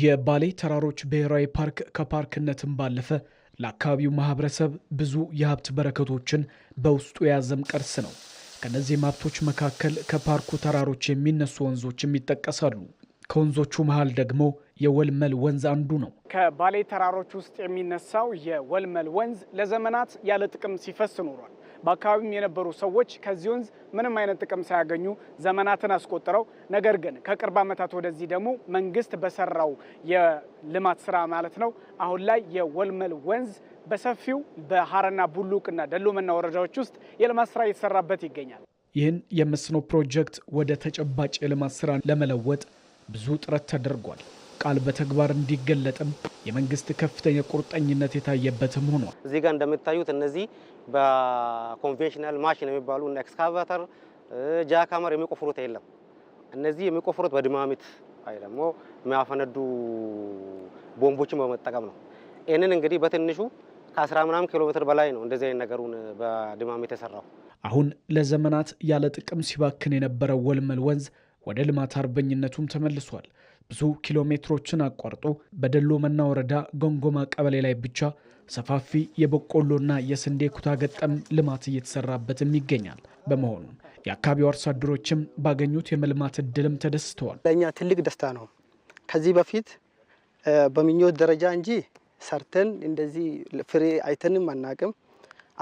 የባሌ ተራሮች ብሔራዊ ፓርክ ከፓርክነትም ባለፈ ለአካባቢው ማህበረሰብ ብዙ የሀብት በረከቶችን በውስጡ የያዘም ቅርስ ነው። ከነዚህም ሀብቶች መካከል ከፓርኩ ተራሮች የሚነሱ ወንዞችም ይጠቀሳሉ። ከወንዞቹ መሃል ደግሞ የወልመል ወንዝ አንዱ ነው። ከባሌ ተራሮች ውስጥ የሚነሳው የወልመል ወንዝ ለዘመናት ያለ ጥቅም ሲፈስ ኖሯል። በአካባቢም የነበሩ ሰዎች ከዚህ ወንዝ ምንም አይነት ጥቅም ሳያገኙ ዘመናትን አስቆጥረው፣ ነገር ግን ከቅርብ ዓመታት ወደዚህ ደግሞ መንግስት በሰራው የልማት ስራ ማለት ነው አሁን ላይ የወልመል ወንዝ በሰፊው በሀረና ቡሉቅና ደሎመና ወረዳዎች ውስጥ የልማት ስራ እየተሰራበት ይገኛል። ይህን የመስኖ ፕሮጀክት ወደ ተጨባጭ የልማት ስራ ለመለወጥ ብዙ ጥረት ተደርጓል። ቃል በተግባር እንዲገለጥም የመንግስት ከፍተኛ ቁርጠኝነት የታየበትም ሆኗል። እዚህ ጋር እንደምታዩት እነዚህ በኮንቬንሽናል ማሽን የሚባሉ እና ኤክስካቫተር፣ ጃካመር የሚቆፍሩት የለም። እነዚህ የሚቆፍሩት በድማሚት አይ ደግሞ የሚያፈነዱ ቦምቦችን በመጠቀም ነው። ይህንን እንግዲህ በትንሹ ከአስራ ምናምን ኪሎ ሜትር በላይ ነው እንደዚህ አይነት ነገሩን በድማሚት የሰራው። አሁን ለዘመናት ያለ ጥቅም ሲባክን የነበረው ወልመል ወንዝ ወደ ልማት አርበኝነቱም ተመልሷል። ብዙ ኪሎ ሜትሮችን አቋርጦ በደሎ መና ወረዳ ጎንጎማ ቀበሌ ላይ ብቻ ሰፋፊ የበቆሎና የስንዴ ኩታ ገጠም ልማት እየተሰራበትም ይገኛል። በመሆኑም የአካባቢው አርሶ አደሮችም ባገኙት የመልማት እድልም ተደስተዋል። ለእኛ ትልቅ ደስታ ነው። ከዚህ በፊት በምኞት ደረጃ እንጂ ሰርተን እንደዚህ ፍሬ አይተንም አናቅም።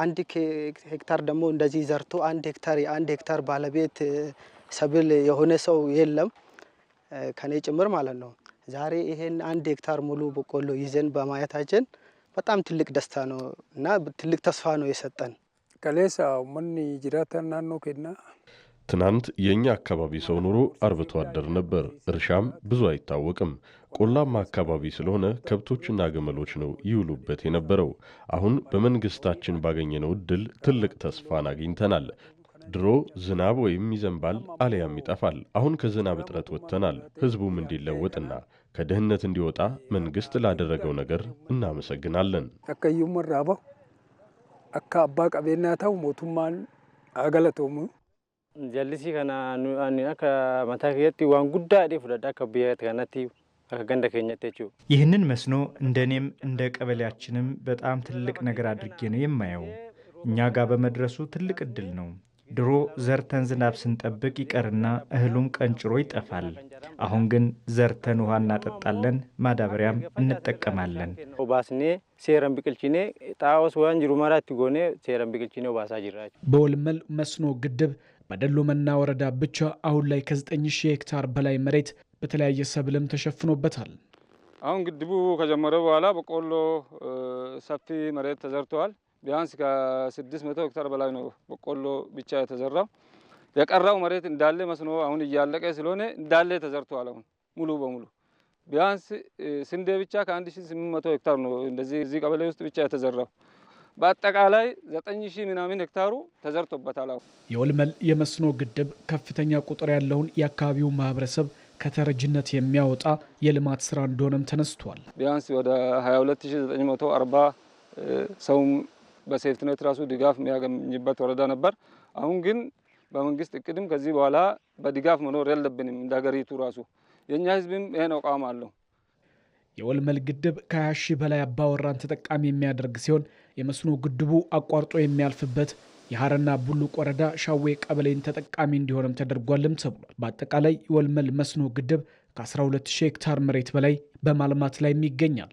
አንድ ሄክታር ደግሞ እንደዚህ ዘርቶ አንድ ሄክታር የአንድ ሄክታር ባለቤት ሰብል የሆነ ሰው የለም። ከኔ ጭምር ማለት ነው። ዛሬ ይሄን አንድ ሄክታር ሙሉ በቆሎ ይዘን በማየታችን በጣም ትልቅ ደስታ ነው እና ትልቅ ተስፋ ነው የሰጠን። ከሌሳ ምን ጅራተን ነው ኬና ትናንት የእኛ አካባቢ ሰው ኑሮ አርብቶ አደር ነበር። እርሻም ብዙ አይታወቅም። ቆላማ አካባቢ ስለሆነ ከብቶችና ግመሎች ነው ይውሉበት የነበረው። አሁን በመንግስታችን ባገኘነው እድል ትልቅ ተስፋን አግኝተናል። ድሮ ዝናብ ወይም ይዘንባል አሊያም ይጠፋል። አሁን ከዝናብ እጥረት ወጥተናል። ህዝቡም እንዲለወጥና ከድህነት እንዲወጣ መንግስት ላደረገው ነገር እናመሰግናለን። ተከዩም ወራበው አካ አባ ቀቤና ተው ሞቱማን አገለቶሙ ጀልሲ ከና ኑአኒ አካ መታከየቲ ዋን ጉዳ ዲፍ ለዳ ከቢያት ከናቲ ይህንን መስኖ እንደኔም እንደ ቀበሌያችንም በጣም ትልቅ ነገር አድርጌ ነው የማየው። እኛ ጋር በመድረሱ ትልቅ እድል ነው። ድሮ ዘርተን ዝናብ ስንጠብቅ ይቀርና እህሉም ቀንጭሮ ይጠፋል። አሁን ግን ዘርተን ውሃ እናጠጣለን፣ ማዳበሪያም እንጠቀማለን። በወልመል መስኖ ግድብ በደሎመና ወረዳ ብቻ አሁን ላይ ከ9 ሺህ ሄክታር በላይ መሬት በተለያየ ሰብልም ተሸፍኖበታል። አሁን ግድቡ ከጀመረ በኋላ በቆሎ ሰፊ መሬት ተዘርተዋል። ቢያንስ ከስድስት መቶ ሄክታር በላይ ነው በቆሎ ብቻ የተዘራው። የቀራው መሬት እንዳለ መስኖ አሁን እያለቀ ስለሆነ እንዳለ ተዘርቷል። አሁን ሙሉ በሙሉ ቢያንስ ስንዴ ብቻ ከአንድ ሺ ስምንት መቶ ሄክታር ነው እንደዚህ እዚህ ቀበሌ ውስጥ ብቻ የተዘራው። በአጠቃላይ ዘጠኝ ሺህ ምናምን ሄክታሩ ተዘርቶበታል። አሁን የወልመል የመስኖ ግድብ ከፍተኛ ቁጥር ያለውን የአካባቢው ማህበረሰብ ከተረጅነት የሚያወጣ የልማት ስራ እንደሆነም ተነስቷል። ቢያንስ ወደ 22940 ሰውም በሴፍትኔት ራሱ ድጋፍ የሚያገኝበት ወረዳ ነበር። አሁን ግን በመንግስት እቅድም ከዚህ በኋላ በድጋፍ መኖር የለብንም እንደ ሀገሪቱ ራሱ የእኛ ህዝብም ይህን አቋም አለው። የወልመል ግድብ ከ20 ሺህ በላይ አባወራን ተጠቃሚ የሚያደርግ ሲሆን የመስኖ ግድቡ አቋርጦ የሚያልፍበት የሀረና ቡሉቅ ወረዳ ሻዌ ቀበሌን ተጠቃሚ እንዲሆንም ተደርጓልም ተብሏል። በአጠቃላይ የወልመል መስኖ ግድብ ከ120 ሄክታር መሬት በላይ በማልማት ላይ ይገኛል።